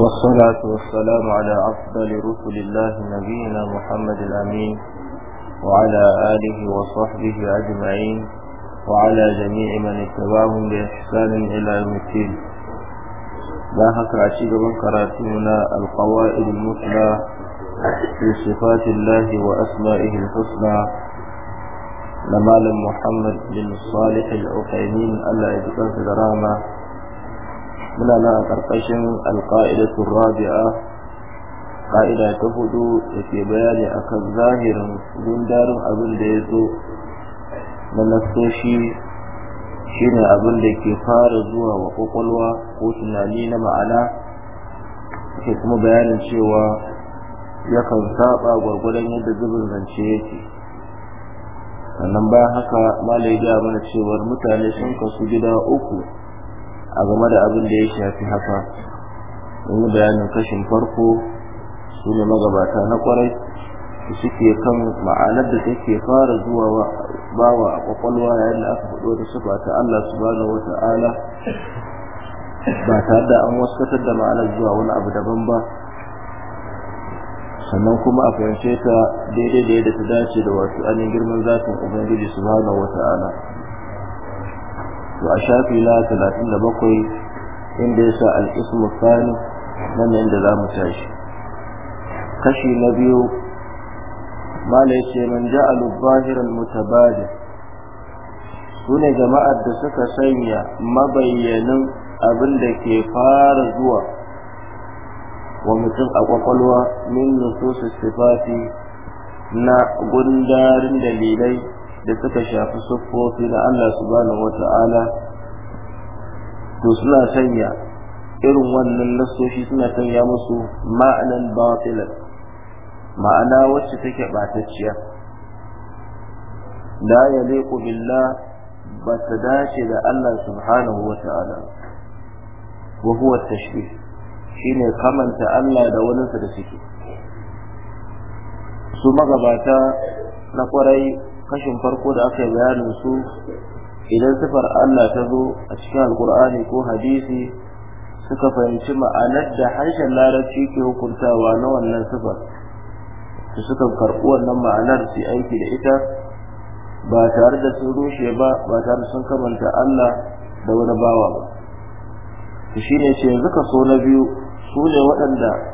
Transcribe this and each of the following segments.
والصلاة والسلام على أفضل رسل الله نبينا محمد الأمين وعلى آله وصحبه أجمعين وعلى جميع من اتبعهم بإحسان إلى يوم الدين لا هكر أشيد من القوائد المثلى في صفات الله وأسمائه الحسنى لمال محمد بن الصالح العقيمين ألا يجزاه دراما muna nan a ƙarƙashin alƙa'idatun rabi'a ƙa'ida ta hudu da ke bayani akan zahirin gundarin abin da ya zo na shi shine abin da ke fara zuwa wa ƙwaƙwalwa ko tunani na ma'ana ke kuma bayanin cewa yakan saba gwargwadon yadda zubin zance yake sannan bayan haka malai ya mana cewar mutane sun kasu gida uku a game da abin da ya shafi haka wani bayanin kashin farko su ne magabata na kwarai da suke kan ma'anar da take fara zuwa bawa a kwakwalwa yayin da aka faɗo da sufa ta Allah subhanahu wata'ala ba tare da an waskatar da ma'anar zuwa wani abu daban ba sannan kuma a fahimce ta daidai da yadda ta dace da wasu anin girman zafin ubangiji subhanahu wata'ala to a shafi da 37 inda yasa al-ismu thani nan inda zamu tashi kashi na biyu mala yace man ja'alu zahir al-mutabadil sune jama'ar da suka sanya mabayyanin abin da ke fara zuwa wa mutum a kwakwalwa min nusus sifati na gundarin dalilai da suka shafi siffofi na Allah subhanahu wata'ala to suna sanya irin wannan nasoshi suna sanya musu ma'anan batilan ma'ana wacce take batacciya la yaliqu billah ba ta dace da Allah subhanahu wata'ala wa huwa tashbih shine kamanta Allah da wani da suke su magabata na kwarai kashin farko da aka yi bayanin su idan sifar Allah ta zo a cikin alkur'ani ko hadisi suka fahimci ma'anar da harshen larabci ke hukuntawa na wannan sifar su suka karɓi wannan ma'anar su aiki da ita ba tare da sun rushe ba ba tare da sun kamanta Allah da wani bawa ba shi ne ce yanzu so na biyu su ne waɗanda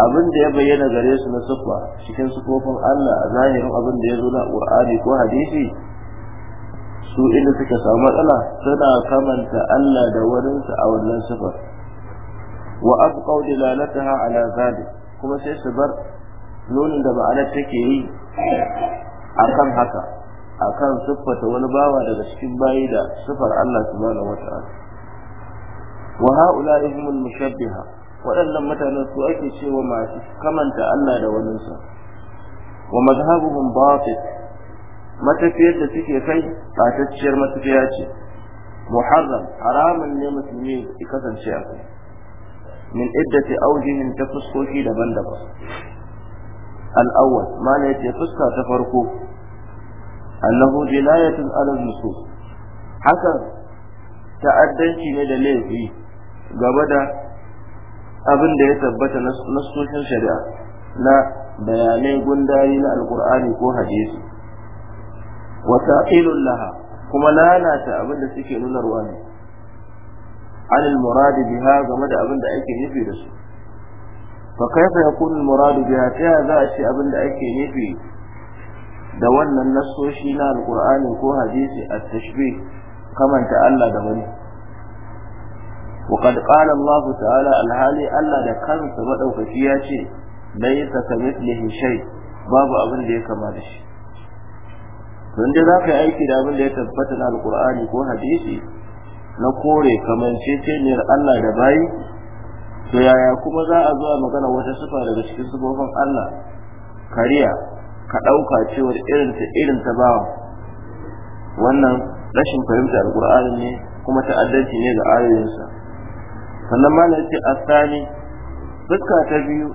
abin da ya bayyana gare su na sufa cikin sufofin Allah a zahirin abin da ya zo na Qur'ani ko hadisi su inda suka samu matsala suna kamanta Allah da wurinsa a wannan sufar wa abqaw dilalataha ala zalik kuma sai su bar nunin da ma'anar take yi akan haka akan siffata wani bawa daga cikin bayi da sifar Allah subhanahu wa ta'ala wa ha'ula'i humul mushabbiha waɗannan mutanen su ake cewa masu kamanta Allah da waninsa wa mazhabuhum batil matafiyar da suke kai tatacciyar matafiya ce muharram haramun ne musulmi ya kasance a kai min iddati aujihin ta fuskoki daban-daban al-awwal mana yace fuska ta farko annahu jinayatun ala nusus hakan ta'addanci ne da laifi gaba da abin da ya tabbata na sunan shari'a na bayanai gundari na alkur'ani ko hadisi wa laha kuma lalata abin da suke nuna ruwa ne anil muradi biha game da abin da ake nufi da su fa kaifa yakunu al muradu biha ta za a ce abin da ake nufi da wannan nasoshi na alkur'ani ko hadisi at-tashbih kamanta Allah da wani وقد قال الله da الحالي ألا لكان سبدو كفياتي ليس كمثله شيء باب أبن ليك مالش فإن ya أي كلام ليك ko hadisi na kore نقولي كمن Allah da لباي to yaya kuma za a zuwa magana wata sifa daga cikin sifofin Allah kariya ka ɗauka cewar irin ta bawa wannan rashin fahimtar alƙur'ani ne kuma ta'addanci ne ga ayoyinsa sannan ma ce asali fuska ta biyu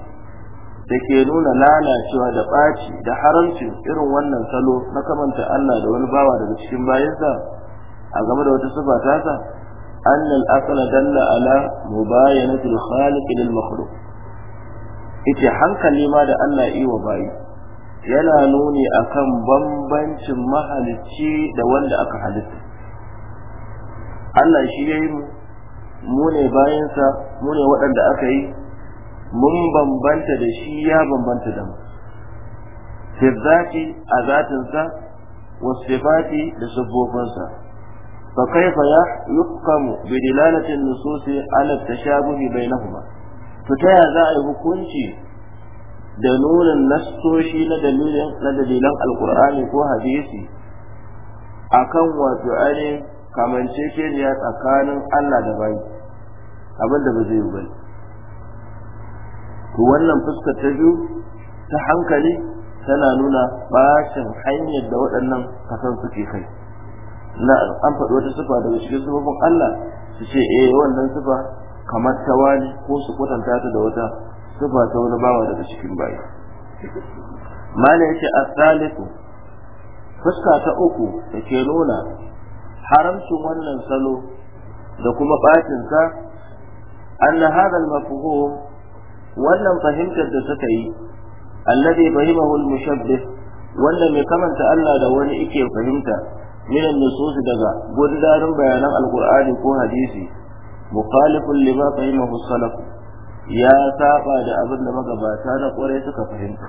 da ke nuna lalacewa da ɓaci da haramcin irin wannan salo na kamanta Allah da wani bawa daga cikin bayansa a game da wata sifa tasa annal asala dalla ala mubayanatul khaliq lil makhluq ita hankali ma da Allah yi wa bayi yana nuni akan bambancin mahalicci da wanda aka halitta Allah shi ya yi mu mu ne bayansa mu ne waɗanda aka yi mun bambanta da shi ya bambanta da mu fi a zatinsa wa sifati da siffofinsa fa kaifa ya yukamu bi dilalati nususi ala tashabuhi bainahuma to ta ya za a yi hukunci da nunin nasoshi na dalilin na dalilan alqur'ani ko hadisi akan wato ainihin kamanceceniya tsakanin Allah da bayi abinda da ba zai yi ba. to wannan fuskar ta biyu ta hankali tana nuna bacin hanyar da waɗannan kasan suke kai na an faɗi wata sufa daga cikin sufafin Allah su ce eh wannan sufa kamar ta wani ko su kwatanta ta da wata sufa ta wani bawa daga cikin bayi mala yake asaliku fuska ta uku da nuna haramcin wannan salo da kuma bacin sa أن هذا المفهوم wannan fahimtar da suka yi allazi fahimahu al-mushabbih wannan mai kamanta Allah da wani yake fahimta min an-nusus daga gurdarin bayanan al ko hadisi mukhalifun lima fahimahu as ya saba da abinda da magabata na kware suka fahimta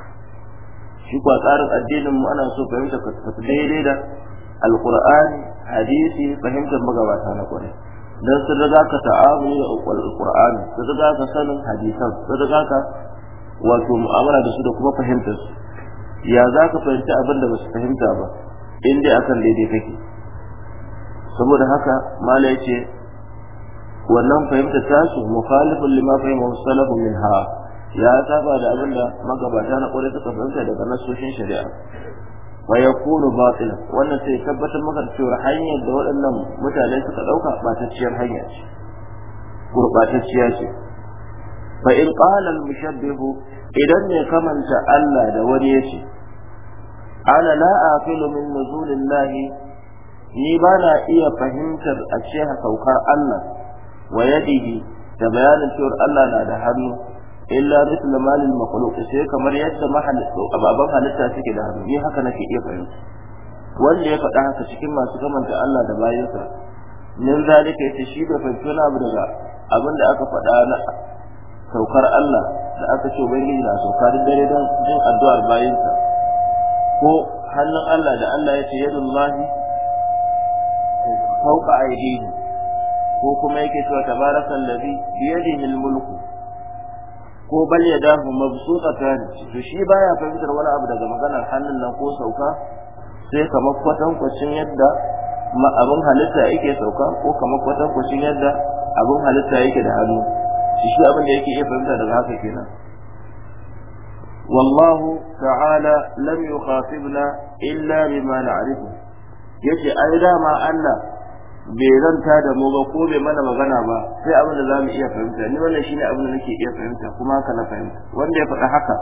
shi kwa tsarin addinin mu ana so fahimta ka daidai da al-Qur'ani hadisi fahimtar magabata na kware dan sun riga ka ta'amuli da al da zuga ka sanin hadisan da zuga ka wato mu'amala da su da kuma fahimtar su ya za ka fahimci abin da ba su fahimta ba in dai akan daidai kake saboda haka mala ya ce wannan fahimta tasu mukhalifun lima fahimahu salafu min ha ya saba da abin da magabata na kwarai suka fahimta daga nasoshin shari'a wa yakunu batila wannan sai tabbatar maka cewa hanyar da waɗannan mutane suka ɗauka ba ta ciyar hanya ce gurbatacciya ce fa in qala al mushabbihu idan ne kamanta Allah da wani yace ana la aqilu min nuzulillahi ni ba na iya fahimtar a ce saukar Allah wa yadihi da bayanin cewar Allah na da hannu illa mithl malil makhluq sai kamar yadda mahallu ababan halitta suke da hannu ni haka nake iya fahimta wanda ya faɗa haka cikin masu kamanta Allah da bayansa min zalika yace shi bai fahimci abu daga abin da aka faɗa na saukar Allah da aka ce ubangiji na sauka dare don jin addu'ar bayinsa ko hannun Allah da Allah ya ce yadullahi fauka aidihi ko kuma yake cewa tabarakal ladhi bi yadihi al-mulku ko bal yadahu mabsuqatan to shi baya fahimtar wani abu daga maganar hannun nan ko sauka sai kamar kwatankwacin yadda abin halitta yake sauka ko kamar ko shin yadda abin halitta yake da hannu shi shi abin da yake iya fahimta daga haka kenan wallahu ta'ala lam yukhatibna illa bima na'rifu yace ai dama Allah bai ranta da mu ba ko bai mana magana ba sai abin da zamu iya fahimta ni wannan shine abin da nake iya fahimta kuma haka na fahimta wanda ya faɗa haka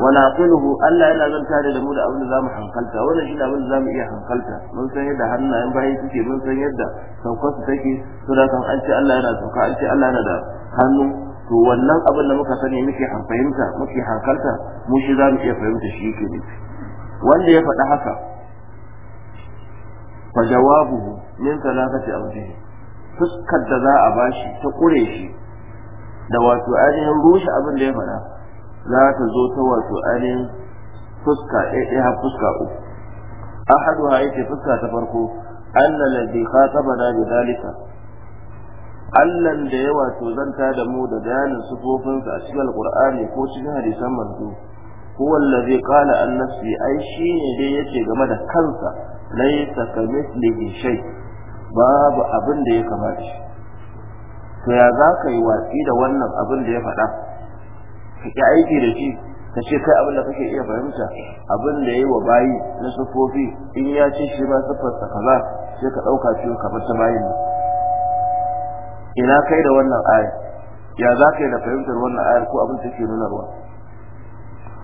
wala quluhu Allah yana zan tare da mu da abin da zamu hankalta wannan shi da abin da zamu iya hankalta mun san yadda hannayen bayi suke mun san yadda saukar take to da kan an ce Allah yana sauka an ce Allah yana da hannu to wannan abin da muka sani muke fahimta muke hankalta mu shi zamu iya fahimta shi yake ne wanda ya faɗi haka fa jawabuhu min talakati awjihi fuskar da za a bashi ta kure shi da wato ainihin rushe abin da ya faɗa za ta zo ta wato ainihin fuska ɗaya eh, eh, har fuska uku ahadu ha yake fuska ta farko Allah ka taba na bi dalika Allah da ya wato zanta da mu da bayanin sufofinsa a cikin Alƙur'ani ko cikin hadisan manzo huwa zai kala an nafsi ai shi ne dai yake game da kansa laysa kamithlihi shay babu abin da ya kamata shi to ya za ka yi watsi da wannan abin da ya faɗa ya aiki da shi ta ce kai abin da kake iya fahimta abin da yi wa bayi na sufofi in ya ce shi ma sa kaza sai ka ɗauka ciwo kamar ta bayin ina kai da wannan ayar ya za ka yi da fahimtar wannan ayar ko abin take nunarwa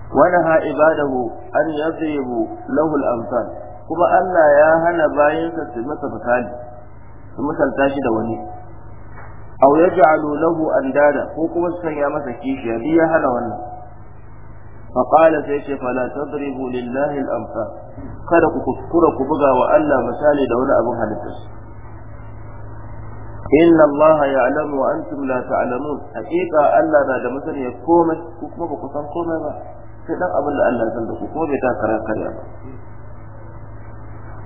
Wani ibadahu an ya يضربوا lahul amsal kuma Allah ya hana bayansa su masa misali su misalta shi da wani aw yaj'alu lahu andada ko kuma su sanya masa kishi? bi ya hana wannan fa qala sai ce fala tadribu lillahi al amsa" kada ku kuskura ku buga wa Allah misali da wani abin halitta inna Allah ya'lamu wa antum la ta'lamun haqiqa Allah na da masaniya komai ku kuma ba ku san komai ba sai dan abin da Allah san da ku kuma bai ta karar karya ba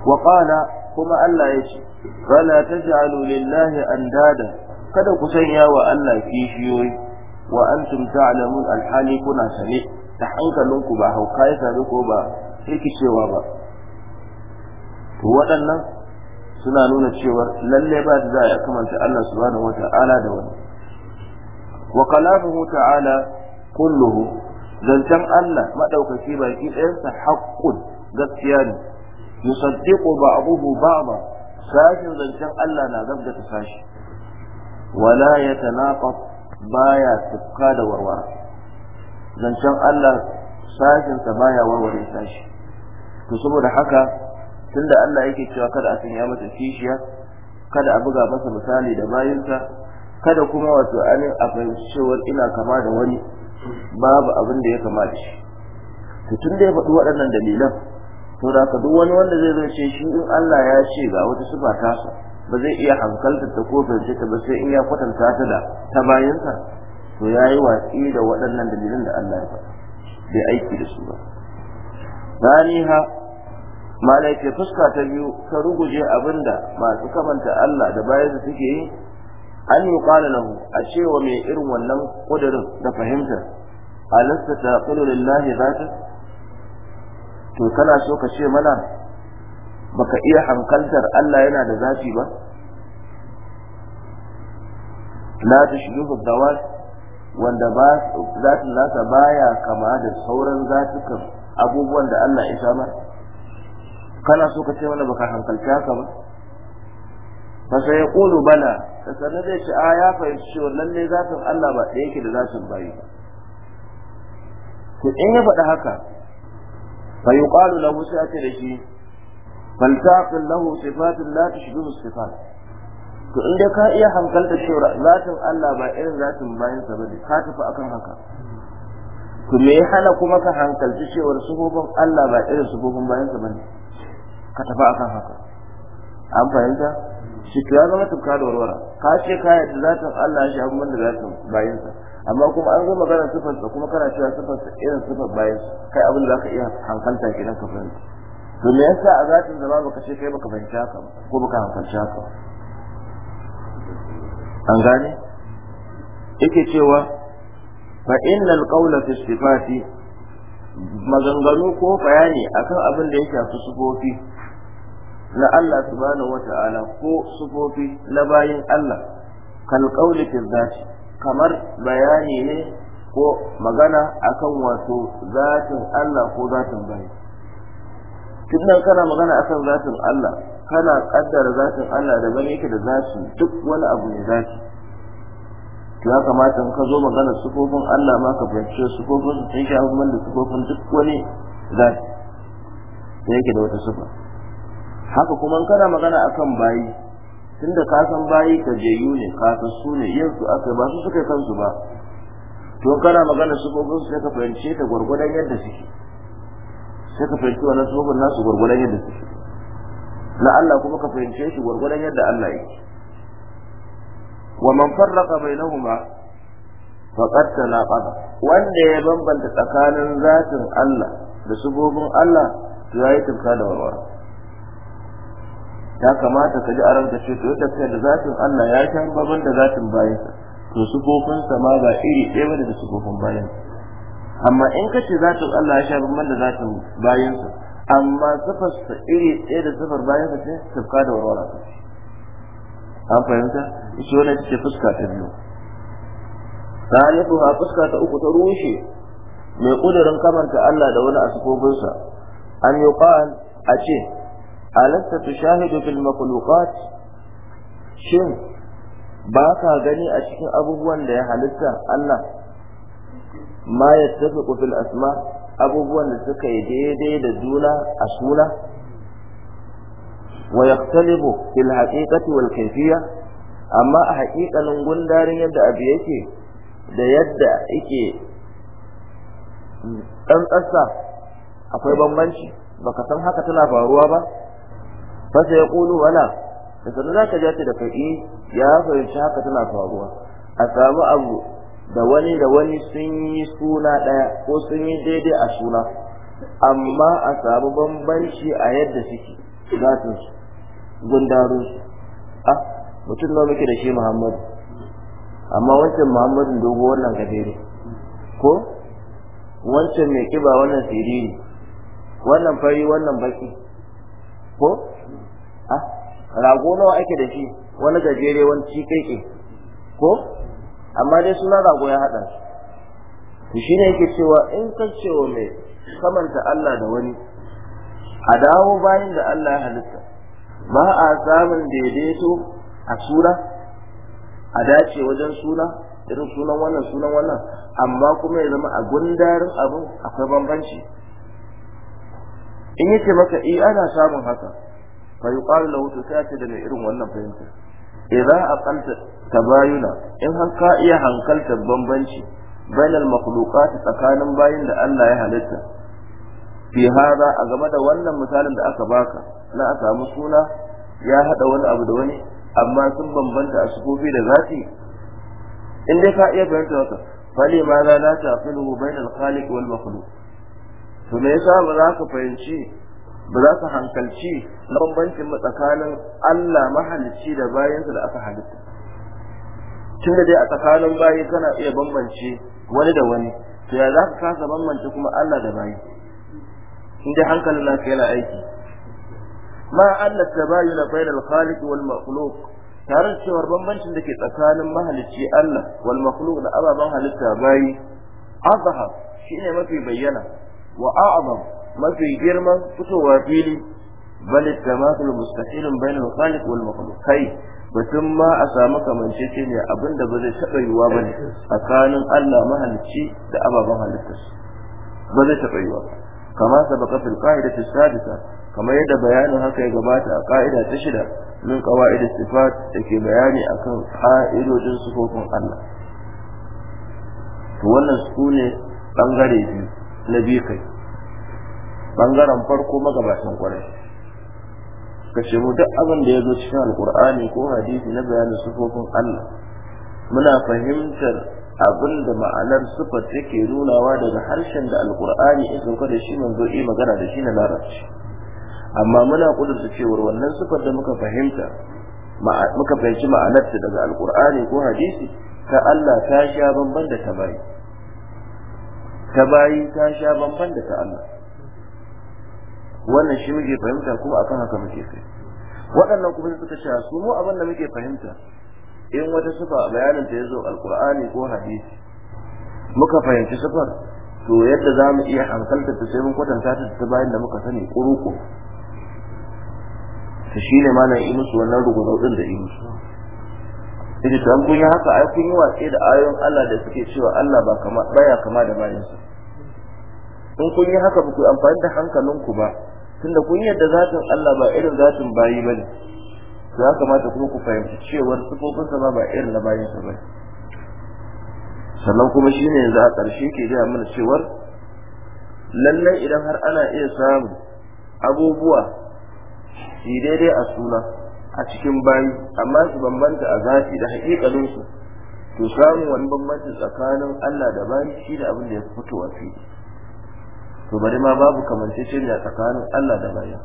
wa qala kuma Allah ya ce fala taj'alu lillahi andada kada ku sanya wa Allah kishiyoyi wa antum ta'lamun alhali kuna sane da hankalinku ba hauka ya sami ko ba rikicewa ba to waɗannan suna nuna cewar lalle ba su za a kamanta Allah subhanahu wata'ala da wani wa kalamuhu ta'ala kulluhu zancen Allah madaukaki baki ɗayansa haƙƙun gaskiya ne yusaddiqu ba ba'da sashin zancen Allah na gaggata sashi wala ya tanaqab baya tukka da warwara zancen Allah sashin baya warware sashi to saboda haka tunda Allah yake cewa kada a sanya mata kishiya kada a buga masa misali da bayinsa kada kuma wato anin a fahimci cewar ina kama da wani babu abin da ya kamata shi to tun da ya faɗi waɗannan dalilan to da ka duk wani wanda zai zo ce shi in Allah ya ce ga wata sifa tasa ba zai iya hankalta ta ko fahimce ta ba sai in ya kwatanta ta da ta bayansa to ya yi watsi da waɗannan dalilan da Allah ya faɗa bai aiki da su ba ha malaike fuska ta biyu ta ruguje abinda masu kamanta Allah da da suke yi an yi na mu a cewa mai irin wannan ƙudurin da fahimtar lissa ta ƙudurin lahi ta. to kana so ka ce mana baka iya hankaltar Allah yana da zafi ba la da dawat wanda ba zatin nasa baya kama da sauran zatukan abubuwan da Allah ya samar kana so ka ce mana baka hankalta ka ba fa sai ya kulu bala sannan zai ce a ya fahimci cewa lalle zafin Allah ba ɗaya yake da zafin bayi ba to in ya faɗi haka fa yuqalu lahu sai ce da shi faltaqin lahu sifatun la tashbihu sifat to inda ka iya hankalta cewa zatin Allah ba irin zatin bayan sa bane ka tafi akan haka to me ya hana kuma ka hankalci cewar sufofin Allah ba irin sufofin bayan sa bane ka tafi akan haka an fahimta shi to ya zama tufka da warwara ka ce ka yadda zatin Allah shi abin da zatin bayan sa amma kuma an zo magana sifar kuma kana cewa sifar irin sifar bayan kai abin da zaka iya hankalta kenan ka fahimta to me yasa a zatin da baka ce kai baka fahimci haka ba ko baka hankalci haka an gane yake cewa fa innal qawla fi sifati maganganu ko bayani akan abin da ya shafi sufofi na Allah subhanahu wata'ala ko sufofi na bayin Allah kal qawli fi dhati kamar bayani ne ko magana akan wato zatin Allah ko zatin bayin tun nan kana magana akan zatin Allah kana kaddara zatin Allah da bane yake da zati duk wani abu ne zaci. to ya kamata in ka zo magana sufofin Allah ma ka fahimci sukofin su take abubuwan da sufofin duk wani zaci. da yake da wata sufa haka kuma in kana magana akan bayi tunda ka san bayi ka jeyu ne ka san su ne yin su aka ba su suka kansu ba to kana magana sufofin su sai ka fahimce ta gwargwadon yadda suke sai ka fahimci wannan sababin nasu gwargwadon yadda ke. na Allah kuma ka fahimce shi gwargwadon yadda Allah yake wa man farraqa bainahuma faqad tanaqada wanda ya bambanta tsakanin zatin Allah da subobin Allah to yayi tunka da warwara ya kamata ka ji a ranka ce to yadda kai da zatin Allah ya shan babban da zatin bayansa to subobin sa ma ba iri ɗaya ba da subobin bayansa amma in ka ce zatin Allah ya sha bamban da zatin bayansa amma sa iri ɗaya da sifar bayansa ce tafka da warwara ta an fahimta shi wannan ce fuska ta biyu salihu ha fuska ta uku ta rushe mai ƙudurin kamanta Allah da wani a sa. an yi a ce alasta tushahidu fil makhluqat shin ba ka gani a cikin abubuwan da ya halitta Allah ma yattafiqu fil asma abubuwan da suka yi daidai da juna a suna wa yaxtalifu fil haqiqati wal amma a haƙiƙanin gundarin yadda abu yake da yadda yake ɗan ƙasa akwai bambanci baka san haka tana faruwa ba fasa ya ƙulu wala da sannan za ka ja da kai eh, ya fahimci haka tana faruwa a samu abu da wani da wani sun yi suna ɗaya ko sun yi daidai a suna amma a samu bambanci a yadda suke su zatinsu su? a ah, mutum na muke da shi muhammadu amma wancan Muhammadu dogo wannan gajere ko wancan mai kiba wannan siriri wannan fari wannan baki ko a ah, rago nawa ake da shi wani gajere wani cikeke ko amma dai suna rago ya haɗa su shi ne yake cewa in ka cewa mai samanta Allah da wani a dawo bayan da Allah ya halitta ba a samun daidaito a sura a dace wajen suna irin sunan wannan sunan wannan amma kuma ya zama a gundarin abin akwai bambanci in yake maka i eh, ana samun haka fa yuqalu lahu ta da mai irin wannan fahimtar idza aqalta tabayuna in har ka iya hankalta bambanci bainal makhluqat tsakanin bayin da Allah ya halitta fi hada a game da wannan misalin da aka baka na a samu suna ya hada wani abu da wani amma sun bambanta a sufofi da zati in dai ka iya fahimta haka fali ma za ta la taqiluhu bainal khaliq wal makhluq to me yasa ba za ka fahimci ba za su hankalci na bambancin tsakanin Allah mahalicci da bayansa da aka halitta tun da dai a tsakanin bayi kana iya bambance wani da wani to ya za ka kasa bambance kuma Allah da bayi in dai hankalin naka yana aiki ma Allah ta tabayyana bainal khaliq wal makhluq tare da cewar bambancin da ke tsakanin mahalicci Allah wal makhluq da ababen halitta bayi azhar shine mafi bayyana wa a'zam mafi girman fitowa fili bal tamathul mustaqilun bain al-khaliq wal makhluq kai batun ma a samu abin da ba zai taɓa yiwuwa ba ne tsakanin Allah mahalicci da ababen halittarsa ba zai taɓa yiwuwa kama sabaka fil qa'idati sadisa kamar yadda bayanin haka ya gabata a ka'ida ta shida min qawaid sifat dake bayani akan ka'idojin sifofin Allah to wannan su ne bangare biyu na biyu kai bangaren farko magabatan kwarai kace mu duk abin da ya zo cikin alkur'ani ko hadisi na bayanin sufofin Allah muna fahimtar abin da ma'anar sifar take nunawa daga harshen da alkur'ani ya sauka da shi manzo yi magana da shi na larabci amma muna kudurta cewar wannan sufar da muka fahimta muka fahimci ma'anarta daga alkur'ani ko hadisi ta Allah ta sha bamban da ta bayi ta bayi ta sha bamban da ta Allah wannan shi muke fahimta kuma akan haka muke kai waɗannan kuma suka ce su mu abin da muke fahimta in wata sifa bayanin ta yazo alqur'ani ko hadisi muka fahimci sifar to yadda za mu iya hankalta ta sai mun kwatanta ta ta bayan da muka sani kuruku ta shi ne mana yi musu wannan rugunau ɗin da yi musu ita ta kun yi haka ai kun yi watsi da ayoyin Allah da suke cewa Allah ba kama baya kama da bayansa in kun yi haka ba ku amfani da hankalinku ba tunda kunyar yadda zatin Allah ba irin zatin bayi bane to ya kamata kuma ku fahimci cewar sifofin sa ba irin na bayin sa bane sannan kuma shine yanzu a ƙarshe ke gaya mana cewar lallai idan har ana iya samun abubuwa shi daidai a suna a cikin bayi amma su bambanta a zafi da haƙiƙaninsu to samun wani bambanci tsakanin Allah da bayi shi da abin da ya fito a fili to bari ma babu kamance kamanceceniya tsakanin Allah da bayan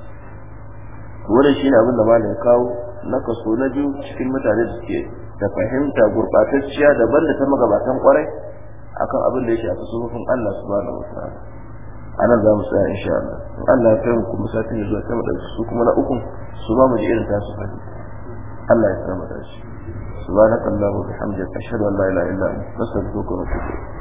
wannan ne abin da malam kawo na kaso na biyu cikin mutane da suke da fahimta gurbatacciya daban da ta magabatan kwarai akan abin da ya shafi sunufin Allah subhanahu wataala anan za mu tsaya insha Allah in Allah ya kai kuma kuma satin zuwa sama da su kuma na uku su ba mu ji irin tasu fahimta Allah ya tsara mu da shi subhanakallahumma wa bihamdika ashhadu an la ilaha illa anta astaghfiruka wa atubu ilayk